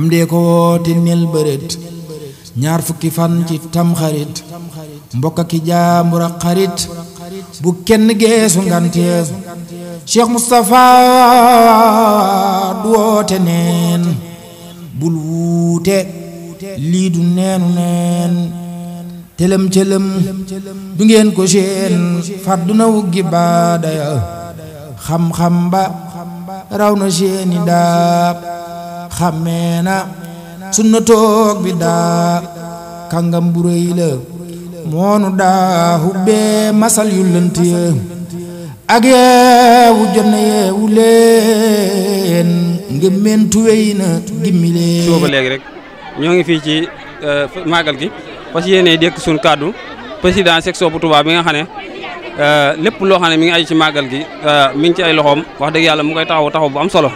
am dee ko woote nel bërét ñaar fukki fan ci tamxarit mbokk ki jaambur ak xarit bu kenn geesu nganteem Cheikh Moustapha du woote neen bul wuute lii du neenu neen tëlëm cëlëm du ngeen ko seen fàddu na wuggi baadaya xam-xam ba raw na seeni daab xamena sunna tok bi da kangam bu reey la monu da hubbe masal yu lënt ak yeewu jonn yeewu leen ngëmmeen tuwéy gimile gimmi leen rek ñongi fi ci eh, magal gi pas yene dekk sun kaddu president section bu tuba bi nga xane euh lepp lo xane mi ngi aju ci magal gi eh, mi ngi ci ay loxom wax deug yalla mu koy taxaw taxaw bu am solo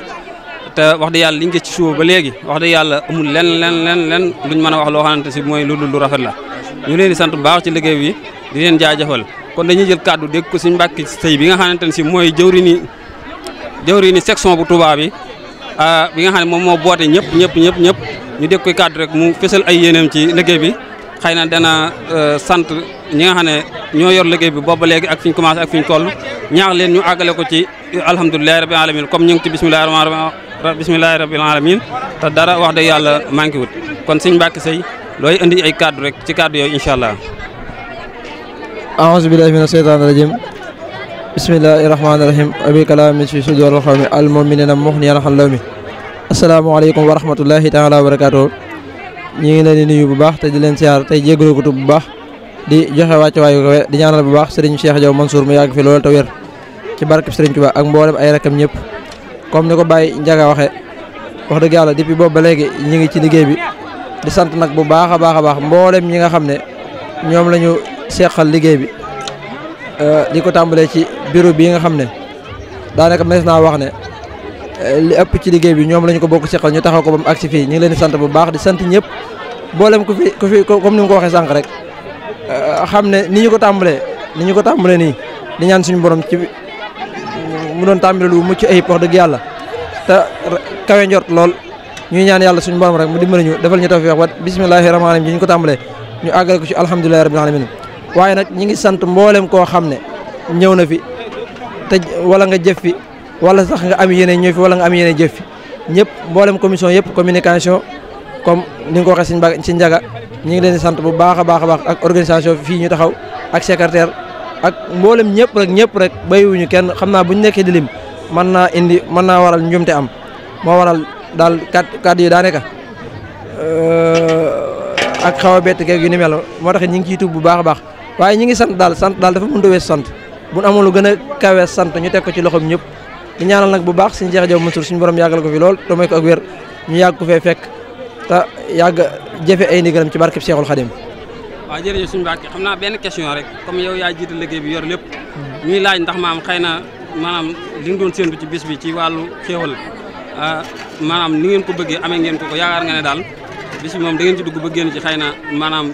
te wax dëgg yàlla liñ gis ci suba ba léegi wax dëgg yàlla amul len len len len luñ mën a wax loo xamante si mooy lu lu rafet la ñu leen di sant bu baax ci liggéey bi di leen jaajëfal kon dañuy jël kàddu dégg ko suñ mbàkki sëy bi nga xamante ne si mooy jëwri ni jëwri ni section bu Touba bi ah, bi nga xam ne moom moo boote ñëpp ñëpp ñëpp ñëpp ñu dégg koy kàddu rek mu fësal ay yéeneem ci liggéey bi xëy na dana euh, sant ñi nga xam ne ñoo yor liggéey bi booba léegi ak fi ñu toll ñaax leen ñu àggale ko ci alhamdulilahi Bismillahirrahmanirrahim. bismillahir ta dara wax de yalla manki wut kon seigne mbacke sey loy andi ay cadre rek ci cadre yo inshallah a'udhu billahi minash shaitanir rajim abi kalam fi sudur khawmi al mu'minina muhniyan khallami assalamu alaykum wa rahmatullahi ta'ala wa barakatuh ñi ngi leen di nuyu bu baax te di leen siar te jéggalu ko bu baax di joxe wàcc waayu kawe di ñaanal bu baax serigne cheikh diaw mansour mu yàgg fi loolu te wér ci barke serigne touba ak ay rakam comme ni ko Baye Ndiaga waxee wax dëgg yàlla depuis boobu ba léegi ñu ngi ci liggéey bi di sant nag bu baax a baax a baax mboolem ñi nga xam ne ñoom lañu ñu liggéey bi euh, di ko tàmbalee ci bureau bii nga xam ne daanaka mees naa wax ne euh, li ëpp ci liggéey bi ñoom la ko bokk seqal ñu taxaw ko ba mu fii ñu ngi leen di sant bu baax di sant ñëpp mboolem ku fi ku comme ni mu ko waxee sànq rek euh, xam ne ni ñu ko tàmbalee ni ñu ko tàmbalee nii di ñaan suñu borom mu doon tàmbali lu mucc ayib wax deug yalla ta kawe njort lol ñuy ñaan yalla suñu borom rek mu dimbali ñu defal ñu tawfiq wat bismillahi rahmaani rahim ñu ko tambalé ñu àggale ko ci alhamdullahi rabbil alamin waye nak ñi ngi sant mboolem ko xam ñew na fi te wala nga jëf fi wala sax nga am yene ñew fi wala nga am yene jëf fi ñëpp mboolem commission yëpp communication comme ni nga waxe njaga ñi ngi leen sant bu baaxa baaxa baax ak organisation fi ñu taxaw ak secrétaire ak mbolam ñepp rek ñepp rek bayiwuñu kenn xamna buñu nekké di lim indi man na waral ñumte am mo waral dal kat kat yi euh ak xawa a bett keeg yu ni mel mo tax ñu ngi tub bu baax baax waye ñu ngi sant dal sant dal dafa mënut wess sant bu amul lu gëna kawé sant ñu tek ko ci loxom ñepp di ñaanal nak bu baax suñu jeex jaw Mansour suñu borom yàggal ko fi lool do may ko ak wër ñu yàgg ko fe fek ta yàgg jëfé ay ndigalam ci barkeb cheikhul khadim waaw jërëjëf suñu Mbàkke xam naa benn question rek comme yow yaa jiite liggéey bi yor lépp ñuy laaj ndax maam xëy na maanaam li nga doon séntu ci bis bi ci wàllu xéewal ah, maanaam ni ngeen ko bëggee amee ngeen ko ko yaakaar nga ne daal bis bi moom da ngeen ci dugg ba ci xëy na maanaam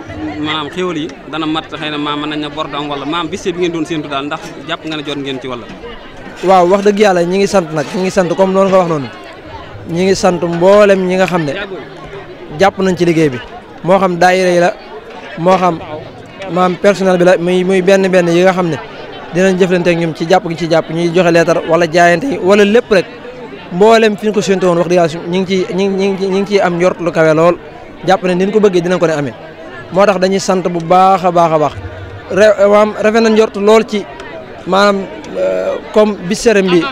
maanaam xéewal yi dana mat xëy na maam mën nañ na bor am wala maam bis bi ngeen doon séntu daal ndax jàpp nga ne jot ngeen ci wala waaw wax dëgg yàlla ñi ngi sant nag ñi ngi sant comme noonu nga wax noonu ñi ngi sant mboolem ñi nga xam ne jàpp nañ ci liggéey bi moo moo xam maam personnel bi la muy muy benn benn yi nga xam ne dinañ jëflante ak ñoom ci jàpp gi ci jàpp ñuy joxe leetar wala jaayante wala lépp rek mboolem fi ñu ko séntu woon wax dëgg yàlla ñu ngi ciy ñu ngi ñu ngi ciy am njort lu kawe lool jàpp ne ni ko bëggee dinañ ko ne amee moo tax dañuy sant bu baax a baax a baax maam rafet na njort lool ci maanaam euh, comme bis serem bi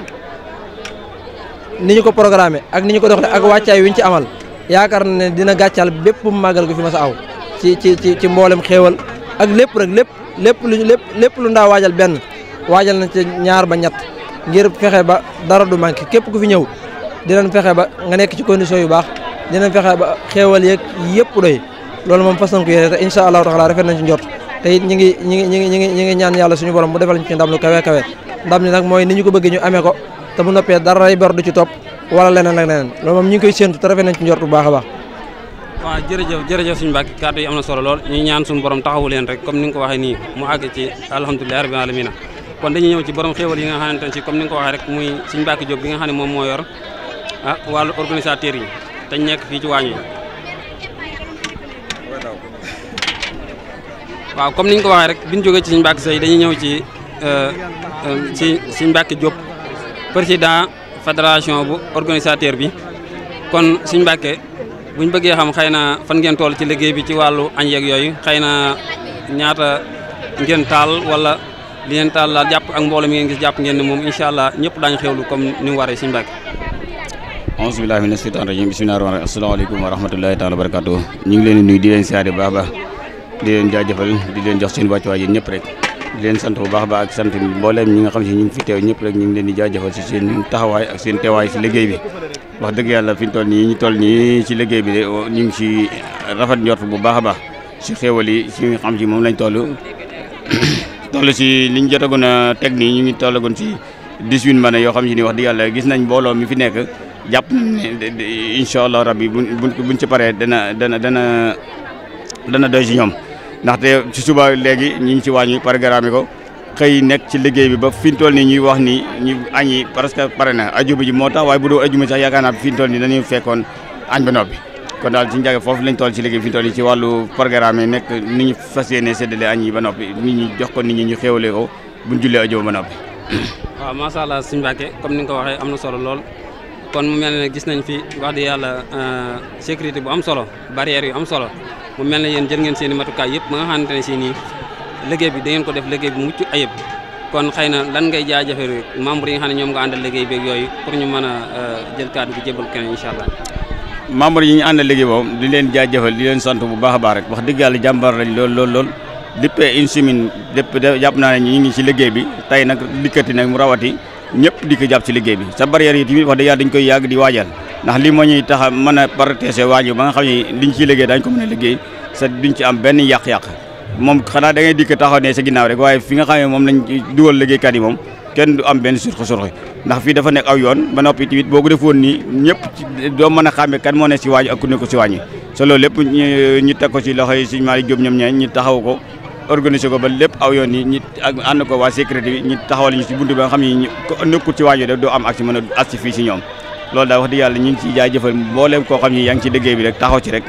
ni ñu ko programme ak ni ñu ko doxalee ak wàccaay wi ñu ci amal yaakaar na ne dina gàccal bépp màggal gu fi mas a aw ci ci ci ci mboolem xéewal ak lépp rek lépp lépp lu lépp lépp lu ndaa waajal benn waajal nañ ci ñaar ba ñett ngir fexe ba dara du manqué képp ku fi ñëw dinañ fexe ba nga nekk ci condition yu baax dinañ fexe ba xéewal yeeg yëpp doy loolu moom fas nañ ko yéene te incha allahu taala rafet nañ ci njort te ñi ngi ñi ngi ñi ngi ñi ngi ñaan yàlla suñu borom mu defal ñu ci ndam kawe kawe ndam li nag mooy ni ñu ko bëggee ñu amee ko te bu noppee dara ay bor du ci topp wala leneen ak leneen loolu moom ñu ngi koy séentu te nañ ci njort bu baax a waaw jërëjëf jërëjëf suñu mbàkki kàddu yi am na solo lool ñu ñaan suñu borom taxawu leen rek comme ni nga ko waxee nii mu àgg ci alhamdulilah rabbil alamin kon dañuy ñëw ci borom xéewal yi nga xamante ne ci comme ni nga ko waxee rek muy suñu mbàkki Jóob bi ah, yi dañ nekk fii ci waañu comme ni ñu ko waxee rek bi ñu jógee ci suñu mbàkki say dañuy ñëw ci euh, euh, ci suñu mbàkki Jóob président fédération bu organisateur bi kon suñu mbàkke bu ñu bëggee xam xëy na fan ngeen toll ci liggéey bi ci wàllu añ yeeg yooyu xëy na ñaata ngeen taal wala li ngeen taal la jàpp ak mbooloo mi gis jàpp ngeen ne moom incha allah ñëpp daañu xewlu comme ni mu waree suñu bàkk. auzu billaahi mina shaytaani rajiim bismillaahi rahmaani rahiim asalaamaaleykum wa rahmatulaahi taala wa barakaatu ñu ngi leen di di leen siyaare bu baax baax di leen jaajëfal di leen jox seen wàccuwaay yéen ñëpp rek di leen sant bu baax baax ak sant mboolem ñi nga xam si ñu ngi fi teew ñëpp rek ñu ngi leen di jaajëfal si seen taxawaay ak seen teewaay liggéey bi wax dëgg yàlla fi ñu toll nii ñu toll nii ci liggéey bi de oh, ñu ngi ci rafet njort bu baax a baax si xéewal yi ci xam ci moom lañ toll toll ci liñ jotagoon a teg nii ñu ngi tollagoon ci 18 mën yoo xam si ni wax dëgg yàlla gis nañ mbooloo mi fi nekk jàpp nañ incha allah rabbi buñ buñ ci paree dana dana dana dana doy ci ñoom ndaxte ci suba léegi ñu ngi ci wàññi programme ko xëy nekk ci liggéey bi ba fi ñu toll nii wax ni ñu añ yi pare na ajuma moo tax waaye bu doo ajuma sax yaakaar naa fi ñu toll nii dañuy fekkoon añ ba noppi kon daal ci njage foofu lañ toll ci liggéey bi fi ñu toll nii ci wàllu programme nekk ni ñu fas yéene séddale añ yi ba noppi nit ñi jox ko nit ñi ñu ko buñ jullee ajuma ba waaw macha allah suñu Mbàkke comme ni nga ko waxee am na solo lool kon mu mel ne gis nañ fi wax di yàlla euh, sécurité bu am solo barrière yu am solo mu mel ne yéen jël ngeen seen i matukaay yëpp ba liggéey bi da ngeen ko def liggéey bi mucc ayib kon xëy na lan ngay jaajëfe membre yi nga xam ne ñoom nga àndal liggéey beeg yooyu pour ñu mën a euh, jël kàddu gi jébal keneen incha allah membre yi ñu àndal liggéey boobu di leen jaajëfal di leen sant bu baax a baax rek wax dëgg yàlla jàmbar lool lool lool depuis une semaine depuis jàpp naa ne ñu ngi ci liggéey bi tey nag dikkati nag mu rawati ñëpp di ko jàpp ci liggéey bi sa barrière yi tamit wax dëgg yàlla dañ koy yàgg di waajal ndax lii moo ñuy tax a mën a partése waañu ba nga xam ne liñ ciy liggéey dañ ko mën a liggéey sa duñ ci am benn yàq-yàq moom xanaa da ngay dikk taxaw ne sa ginnaaw rek waaye fi nga xam ne moom lañ dugal liggéeykat yi moom kenn du am benn surxi surxi ndax fii dafa nekk aw yoon ba noppi tamit boo ko defoon nii ñëpp doo mën a xàmme kan moo ne si waañu ak ku ne ko si waañu so lépp ñu teg ko si loxo yi suñu ñoom ñeen ñu taxaw ko organisé ko ba lépp aw yoon yi ñi ak ànd ko waa sécurité bi ñu taxawal ñu si buntu ba nga xam ne nekkul si waañu def doo am aksi mën a fii si ñoom lool daal wax yàlla ñu ngi ciy jaajëfal mboolem koo xam ne yaa ngi ci liggéey bi rek taxaw ci rek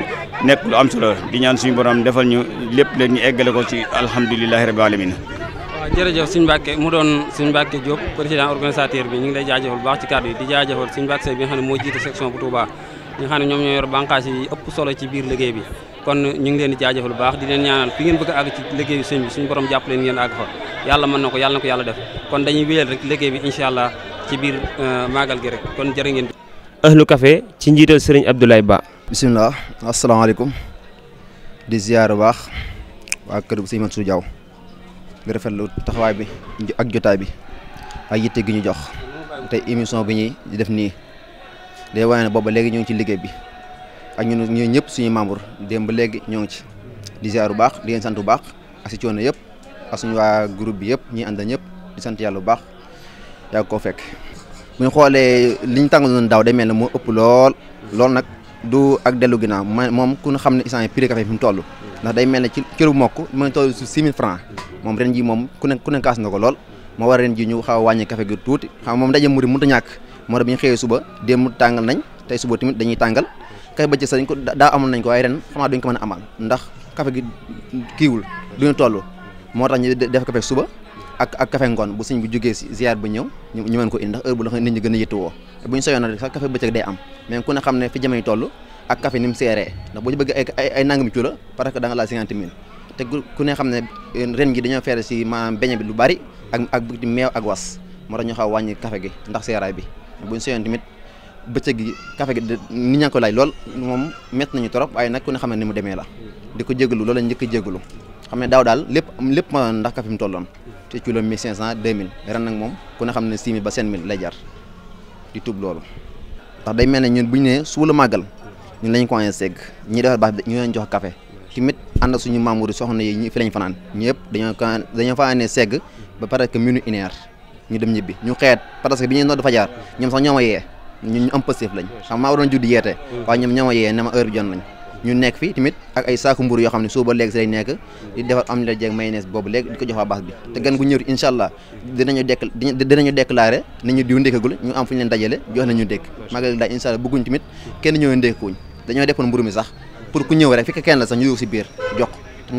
nekk lu am solo di ñaan suñu borom defal ñu lépp léegi ñu eggale ko ci alhamdulilahi rabbil alamin waaw jërëjëf suñu Mbàkke mu doon suñu Mbàkke Diop président organisateur bi ñu ngi lay jaajëfal bu baax ci kàddu yi di jaajëfal suñu Mbàkke Seye bi nga xam ne moo jiite section bu Touba ñi nga xam ne ñoom ñoo yor bànqaas ëpp solo ci biir liggéey bi kon ñu leen di jaajëfal bu baax di leen ñaanal fi ngeen bëgg a àgg ci liggéey bi sëñ bi suñu borom jàpp leen ngeen àgg fa yàlla mën na ko yàlla na ko kon dañuy wéyal rek liggéey bi ci biir euh, màggal gi rek kon jërë ngeen ahlu café ci njiital sëriñ Abdoulaye Ba bisimilah asalaamaaleykum di ziar bu baax waa kër sëñ Mansour Diaw di rafetlu taxawaay bi ak jotaay bi ak yitte gi ñu jox te émission bi ñuy di def nii day wane ne booba léegi ñoo ngi ci liggéey bi ak ñun ñun ñëpp suñu membre démb léegi ñoo ngi ci di ziar bu baax di leen sant bu baax ak si coono yëpp ak suñu waa groupe bi yëpp ñi ànd ñëpp di sant yàlla bu baax yaa ko koo fekk. bu ñu xoolee li ñu tàngaloon daaw day mel na moo ëpp lool lool nag. du ak dellu ginnaaw ma moom ku ñu xam ne instant yi prix café bi mu toll ndax day mel ne ci cëru mokk mu ngi toll su francs moom ren ji moom ku ne ku ne kaas na ko lool moo war ren ji ñu xaw a wàññi kafe gi tuuti xam moom daje muri mënut a ñàkk moo tax bi ñu xëyee suba démb tàngal nañ tey suba tamit dañuy tàngal kay bëccëg sax dañ ko daa amoon nañ ko waaye ren xamaa duñ ko mën a amal ndax café gi kiiwul duñu toll moo tax ñu def café suba ak ak café ngone bu sëñ bu joggé ziar bu ñew ñu mën ko indi ndax heure bu la nit ñi gëna a wo bu ñu soyoon rek sax café bëcëk day am mais ku ne xamné fi jëmay tollu ak café nim séré ndax bu ci bëgg ay ay nangami cuula parce que da nga la 50000 té ku ne xamné ne euh, ren gi dañoo féré ci maanaam beñe bi lu bari ak ak bëgg meew ak was mo tax ñu xaw wañi café gi ndax seeraay bi bu ñu soyoon tamit bëcëk gi café gi nit ñaa ngi ko laaj lool mom met nañu torop ay nak ku ne xamné ni mu démé la diko jéglu jégalu loolu la ñëk jéglu xamné daw dal lepp lepp ma ndax café mu tollon te kilo 1500 2000 ren nak mom ku ne xamne 6000 ba 5000 la jar di tub lolu tax day melni ñun bu ne nee suula màggal ñun lañ ko seg ñi defar baax bi ñu leen jox café timit and suñu mamour soxna yi fi lañ ñepp dañu dañu fa ané seg ba paré que minute une heure ñu dem ñibi ñu xéet parce que biñu ñuy fa fajar ñom sax ñoma yé ñun ñu am passif lañ xam ma waroon judd yété mm. wa ñom ñoma yé yee heure bi jon lañ ñu nekk fi tamit ak ay saaku mburu yoo xam ne suuba léegi si lay nekk di defar am la jeeg mayonnaise boobu léegi di ko jox waa baax bi te gan gu ñëw incha allah ñu dekk dinañu déclaré ñu diw ndékkagul ñu am fu ñu leen dajale jox nañu ndékk magal daal incha allah bëgguñ tamit mi sax pour ku ñëw rek si biir jox ko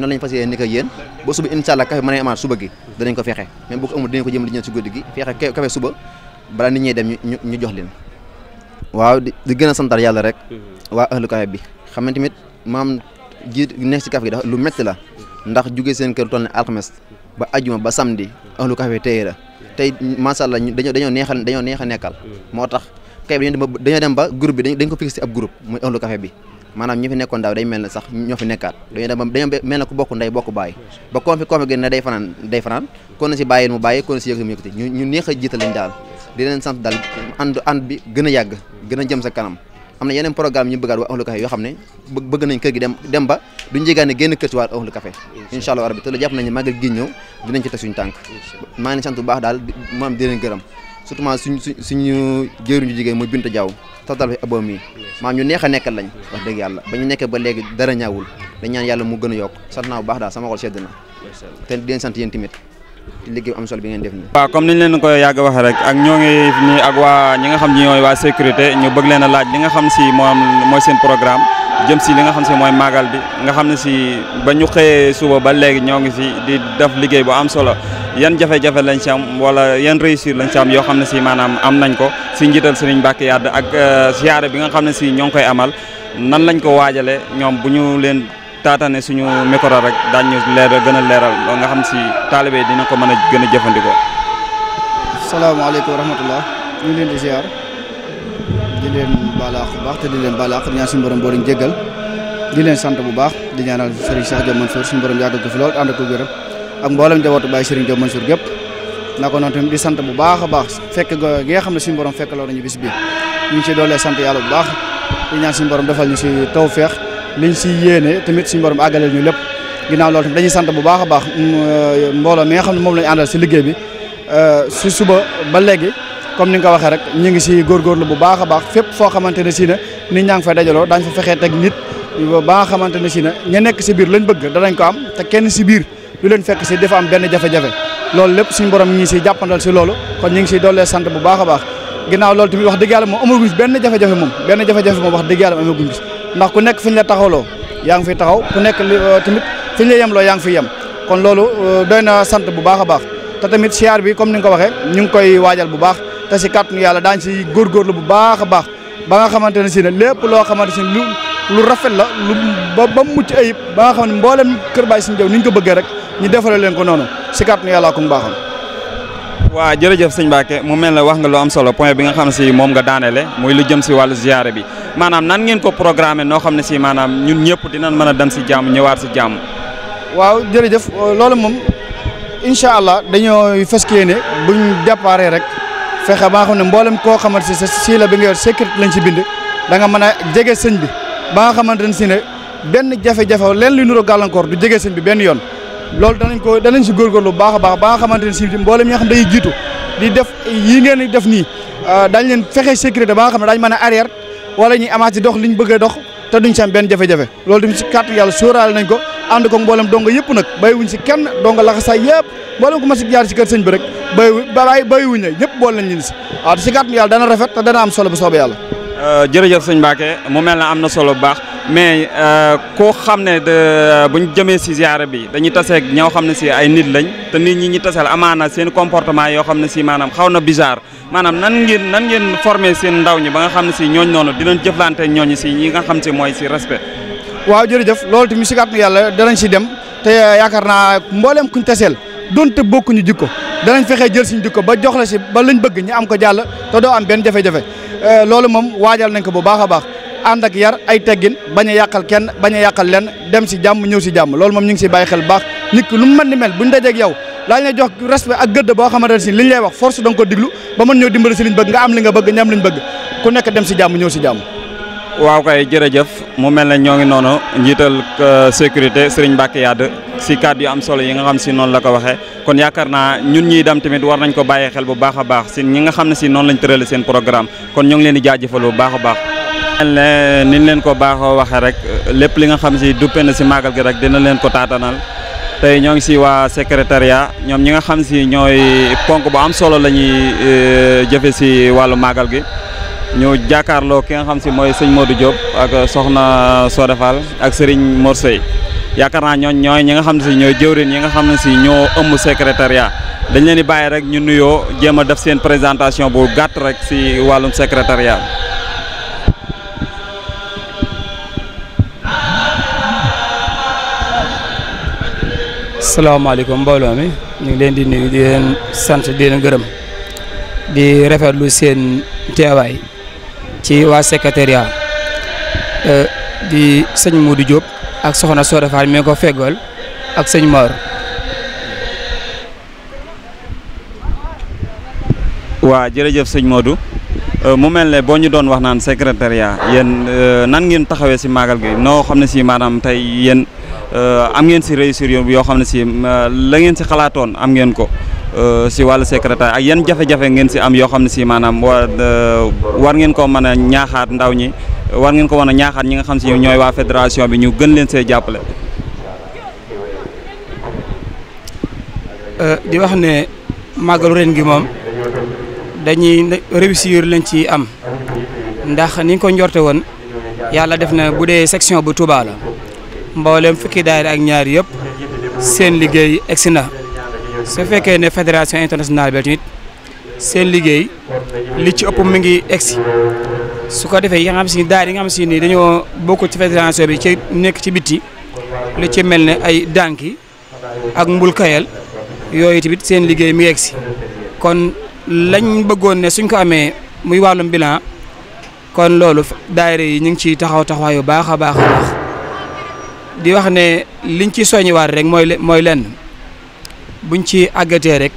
yéen ba suba incha allah café a amaat suba gi danañ ko fexe même bu ko amul dinañ nit dem ñu jox leen waaw di gën a santar yàlla rek mm-hmm. waa ahlu café bi xam ne tamit maam ji nekk si kaf gi dafa lu metti la ndax jugee sen kër toll ne ba aljuma ba samedi ahlu kafe tey la tey macha allah dañoo dañu neexal dañoo neex nekkal motax kay bi dañu dem ba groupe bi dañ ko fixé ab groupe moy ahlu kafe bi manam ñi fi nekkon daw day melni sax ñoo fi nekkat dañu dem dañu dañoo ku bokku nday bokku baye ba koom fi koom fi gën ne day fanan day fanan kon ci baye mu baye kon ci si yëkkati ñu neex jitt lañ dal di leen sant dal and and bi gëna a gëna jëm sa kanam am na yeneen programme ñu bëggaat waa ahlu café yoo xam ne bëgg nañ kër gi dem dem ba duñ jégaan ne génn kër ci waa ahlu café incha allah rabbi te la jàpp nañ ne màggal maa ngi sant bu baax daal maam di leen gërëm surtout suñ suñ suñu jëruñu jigéen muy Binta Diaw tatal fi aboom yi maam ñu neex a nekk lañ wax dëgg yàlla ba ñu nekkee ba léegi dara ñaawul dañ ñaan yàlla mu gën a yokk sant naa bu baax daal sama xol sedd na te di sant yéen tamit liggéey am solo bi ngeen def nii. waaw comme niñ leen ko yàgg waxee rek ak ñoo ngi nii ak waa ñi nga xam ñi ñooy waa sécurité ñu bëgg si li nga xam si mooy màggal bi nga xam ne si ba ñu xëyee suba ba léegi ñoo ngi si di def liggéey bu am solo yan jafe lañ si am wala yan réussir lañ si yoo xam ne si maanaam am nañ ko si njiital Sëriñ Mbàkke Yadd ak siyaare euh, bi nga xam ne si ñoo ngi koy amal nan lañ ko waajalee ñoom bu ñu leen taataane suñu micro rek daañu leeral gën a leeral nga xam si talibé dina ko mëna gëna gën assalamu alaykum rahmatullah ñu leen di ziar di leen baalaax bu baax te di leen baalaax di ñaan suñu borom borom jéggal di leen sant bu baax di ñaanal Serigne Cheikh Diop Mansour suñu borom yàggal ko lool and ko gërëm ak mbolam jabotu Baye Serigne Diop Mansour gëp nako non tam di sant bu baax baax fekk nga xam ne suñu borom fekk nañu bis bi ñu ci doole sant yalla bu baax di ñaan suñu borom defal ñu ci tawfiq liñ si yéene tamit suñu borom àggaleel ñu lépp ginnaaw loolu tamit dañuy sant bu baax a baax mm, euh, mbooloo mi nga xam ne moom lañu àndal si liggéey bi euh, si suba ba léegi comme ni nga ko waxee rek ñu ngi si góorgóorlu bu baax a fépp foo xamante ne si ne nit ñaa ngi fay dajaloo daañ fa fexee teg nit ba nga xamante ne si ne ña nekk si biir lañ bëgg danañ ko am te kenn si biir lu leen fekk si dafa am benn jafe-jafe loolu lépp suñu borom ñi si jàppandal si loolu kon ñu ngi si doolee sant bu baax a baax ginnaaw loolu tamit wax dëgg benn jafe-jafe moom benn jafe-jafe moom wax dëgg ndax ku nekk fi ñu la taxawloo yaa ngi fi taxaw ku nekk euh, tamit fi la yemloo yaa ngi fi yem kon loolu euh, doy na sant bu baax a baax te tamit siyaar bi comme ni nga ko waxee ñu ngi koy waajal bu baax te si kàttanu yàlla daañ si góorgóorlu bu baax a baax ba nga xamante ne si ne lépp loo xamante si lu lu rafet la lu ba ba mucc ayib ba nga mboolem Kër Baye Serigne Diaw ni ko bëggee rek ñu defale leen ko noonu si kàttanu yàlla ko waa baaxam waaw jërëjëf sëñ Mbacke mu mel ne wax nga lu am solo point bi nga xam si moom nga daaneele muy lu jëm si wàllu ziyaare bi maanaam nan ngeen ko programmé noo xam ne si maanaam ñun ñëpp dinañ mën a dem si jàmm ñëwaat si jàmm. waaw jërëjëf loolu moom incha allah dañoo fas yéene buñ déparé rek fexe ba nga xam ne mboolem koo xamante si si la bi nga yor sécurité lañ si bind da nga mën a jege sëñ bi ba nga xamante ne si ne benn jafe-jafe leen lu nuro gàllankoor du jege sëñ bi benn yoon. loolu danañ ko danañ si góorgóorlu bu baax a baax ba nga xamante ne si mboolem ñi nga xam dañuy jiitu di def yii ngeen di def nii ah, dañ leen fexe sécurité ba xam ne daañu mën a arrière wala ñuy amaat ci dox liñ bëgg a dox te duñ ci am benn jafe-jafe loolu tamit ci kàttu yàlla sóoraale nañ ko ànd ko mboolem donga yëpp nag bàyyiwuñ ci kenn donga laxasaay yëpp mboolem ko ma ci jaar si kër sëñ bi rek bàyyiwu bàyyi bàyyiwuñ la ñëpp bool nañ leen ci waaw te ci kàttu yàlla dana rafet te dana am solo bu soobee yàlla euh, jërëjëf sëñ Mbacke mu mel na am na solo bu baax mais euh, koo xam ne bu ñu jëmee si ziara bi dañuy taseeg ñoo xam ne si ay nit lañ te nit ñi ñi taseel amaana seen comportement yoo xam ne si maanaam xaw na bizarre manam nan ngeen nan ngeen former seen ndaw ñi ba nga xam si ñooñu noonu jëflanté ñoñ ñi si ñi nga xam si moy si respect waaw jërëjëf loolu tamit si kàttan yàlla sidem, ci dem te yaakaar mbolém mbooleem kuñ taseel donte ñu jikko danañ fexé jël suñu jikko ba jox la si ba lañ bëgg ñi am ko jall té do am jafé kebo euh loolu mom waajal nañ ko bu baaxa baax and ak yar ay teggin baña yakal kenn baña yakal len dem si jamm ñew ci jamm loolu mom ñu ngi si xel baax nit ku lu mën di mel buñ ak yow daañu lay jox respect ak gëdd boo xamante ne si li ñu lay wax force da nga ko diglu ba mën ñëw dimbali si liñ bëgg nga am li nga bëgg ñam liñ bëgg ku nekk dem si jàmm ñëw si jàmm waaw kay jërëjëf mu mel ne ñoo ngi noonu njiital euh, sécurité Serigne Mbacke Yade si kàddu yu am solo yi nga xam si noonu la ko waxee kon yaakaar naa ñun ñiy dem tamit war nañ ko bàyyee xel bu baax a baax si ñi nga xam ne si noonu lañ tërale seen programme kon ñoo ngi leen di jaajëfal a baax mel ne leen ko baaxoo waxee rek lépp li nga xam si duppe na si màggal gi rek dina leen ko taatanal tey ñoo ngi si waa secrétariat ñoom ñi nga xam si ñooy ponk bu am solo la ñuy euh, jëfe si wàllu màggal gi ñu jàkkaarloo ki nga xam si mooy sëñ Modou Diop ak soxna Soda Fall ak Serigne Mor Seye yaakaar naa ñooñ ñooy ñi nga xam ne si ñooy jëwrin yi nga xam ne si ñoo ëmb secrétariat dañu leen di bàyyi rek ñu nuyoo jéem a def seen présentation bu gàtt rek si wàllum secrétariat salaamaaleykum mbooloo mi ñu ngi leen di nuyu di leen sant di gërëm di rafetlu seen teewaay ci waa secrétariat euh, di sëñ Modou Diop ak soxna Soda Fall mi ko feggool ak sëñ Mor. waa jërëjëf sëñ Modou euh, mu mel ne boo ñu doon wax naan secrétariat yéen euh, nan ngeen taxawee si màggal gi noo xam ne si maanaam tey yéen. Euh, am ngeen si réussir yoo xam ne si euh, la ngeen si xalaatoon am ngeen ko si euh, wàllu secrétaire ak yan jafe-jafe ngeen si am yoo xam ne si maanaam war ngeen ko mën a ñaaxaat ndaw ñi war ngeen ko mën a ñaaxaat ñi nga xam si ñooy waa fédération bi ñu gën leen see jàppale. di wax ne màggalu ren gi moom dañuy réussir lañ ci am ndax ni ko njorte woon yàlla def na bu dee section bu Touba la. mboolem fukki daayira ak ñaar yëpp seen liggéey egsi na su fekkee ne fédération internationale bi tamit seen liggéey li ci ëpp mi ngi egsi su ko defee yi nga xam si daayira yi nga xam si ni dañoo bokk ci fédération bi ci nekk ci bitti li ci mel ne ay dànki ak mbul yooyu tamit seen liggéey mi ngi egsi kon lañ bëggoon ne suñ ko amee muy wàllum bilan kon loolu daayira yi ñu ngi ciy taxaw taxawaay yu baax baax a baax. di wax ne liñ ci soññiwaat rek mooy mooy lenn buñ ci àggatee rek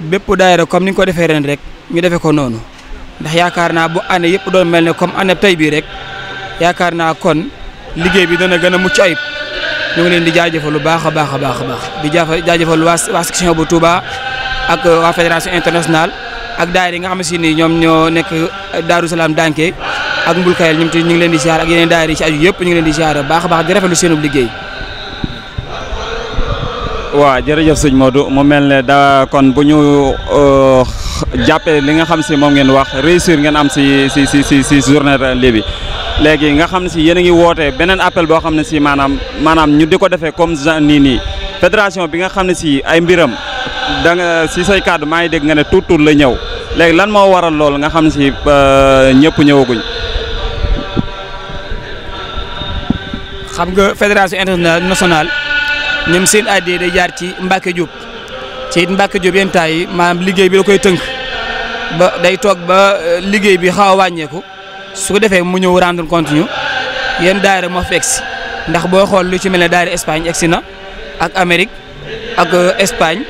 bépp daayira comme ni nga ko defee ren rek ñu defe ko noonu ndax yaakaar naa bu année yëpp doon mel ne comme année tey bii rek yaakaar naa kon liggéey bi dana gën a mucc ayib ñu ngi leen di jaajëfal lu baax a baax a baax baax di jaajëfal waa waa section bu Touba ak waa fédération internationale. ak daayira yi nga xam ne si ni ñoom ñoo nekk Daaru Salaam Danke ak Mbul Kayel ñoom ñu ngi leen di ziar ak yeneen daayira yi ci aju yëpp ñu ngi leen di ziar baax a baax di rafetlu seenub liggéey. waaw jërëjëf sëñ Modou mu mel ne da kon bu ñu euh, jàppee li nga xam si moom ngeen wax réussir ngeen am si si si si si journée lii bi léegi nga xam si yéen a ngi woote beneen appel boo xam ne si maanaam maanaam ñu di ko defee comme nii nii fédération bi nga xam ne si ay mbiram. da si say kàddu maa ngi dégg nga ne tuut tuut la ñëw léegi lan moo waral lool nga xam si ñëpp ñëwaguñ. xam nga fédération internationale nationale ñoom seen addé day jaar ci Mbacke Diop ci it Mbacke yenn temps yi maanaam liggéey bi da koy tënk ba day toog ba euh, liggéey bi xaw wàññeeku su ko defee mu ñëw rendre compte ñu yenn daayira moo fi ndax boo xool lu ci mel ne daayira Espagne egsi na ak Amérique ak euh, Espagne.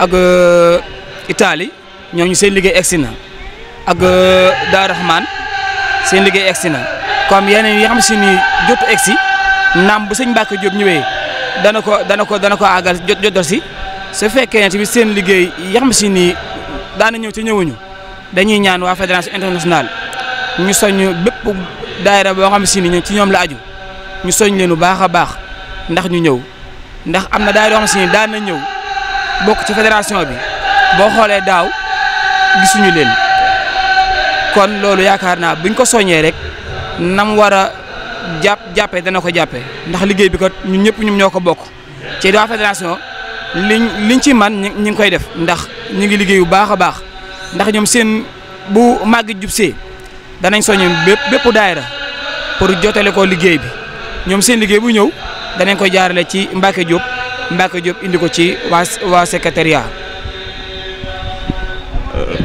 ak euh, Italie ñooñu seen liggéey egsi na ak euh, Daaru Rahmaan seen liggéey egsi na comme yeneen yi xam si ni jot egsi naam bu sëñ Mbacke Diop ñëwee dana ko dana ko dana ko àggal jot jotal si su fekkee ne tamit seen liggéey yi si ni daana ñëw te ñëwuñu dañuy ñaan waa fédération internationale ñu soñ bépp daayira boo xam si ni ci ñoom la aju ñu soñ leen bu baax a baax ndax ñu ñëw ndax am na daayira yoo si ni daan ñëw bokk ci fédération bi boo xoolee daaw gisuñu leen kon loolu yaakaar naa biñ ko soññee rek nam war a jàpp jàppe dana ko jàppe ndax liggéey bi ko ñun ñëpp ñum ñoo ko bokk ci waa fédération liñ liñ ci man ñu ngi koy def ndax ñu ngi liggéey bu baax a baax ndax ñoom seen bu màggi jub see danañ soññe bépp bépp daayira pour jotale ko liggéey bi ñoom seen liggéey bu ñëw danañ ko jaarale ci Mbacke Diop Mbacke Diop indi ko ci waa waa secrétariat. Euh,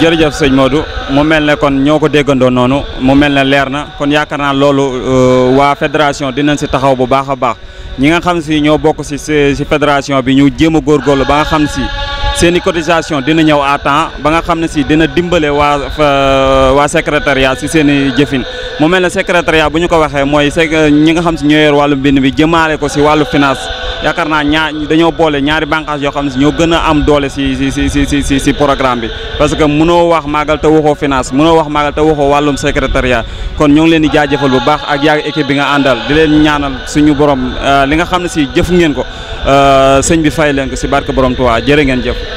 jërëjëf sëñ Modou mu mel ne kon ñoo ko déggandoon noonu mu mel ne leer na kon yaakaar naa loolu euh, waa fédération dinañ si taxaw bu baax a baax ñi nga xam si ñoo bokk si si fédération bi ñu jéem a góorgóorlu ba nga xam si seen i cotisation dina ñëw à temps ba nga xam ne si dina dimbale waa waa secrétariat si seen i jëfin mu mel ne secrétariat bu ñu ko waxee mooy se ñi nga xam si ñoo yor wàllu mbind bi jëmaale ko si wàllu finance. yaakaar naa ñaar dañoo boole ñaari bànqaas yoo xam ne si ñoo gën a am doole si si si si programme bi parce que mënoo wax màggal te waxoo finance mënoo wax màggal te waxoo wàllum secrétariat kon ñoo ngi leen di jaajëfal bu baax ak yaa équipe bi nga àndal di leen ñaanal suñu borom euh, li nga xam ne si jëf ngeen ko euh, sëñ bi fay leen si barke borom Tuubaa jërë ngeen jëf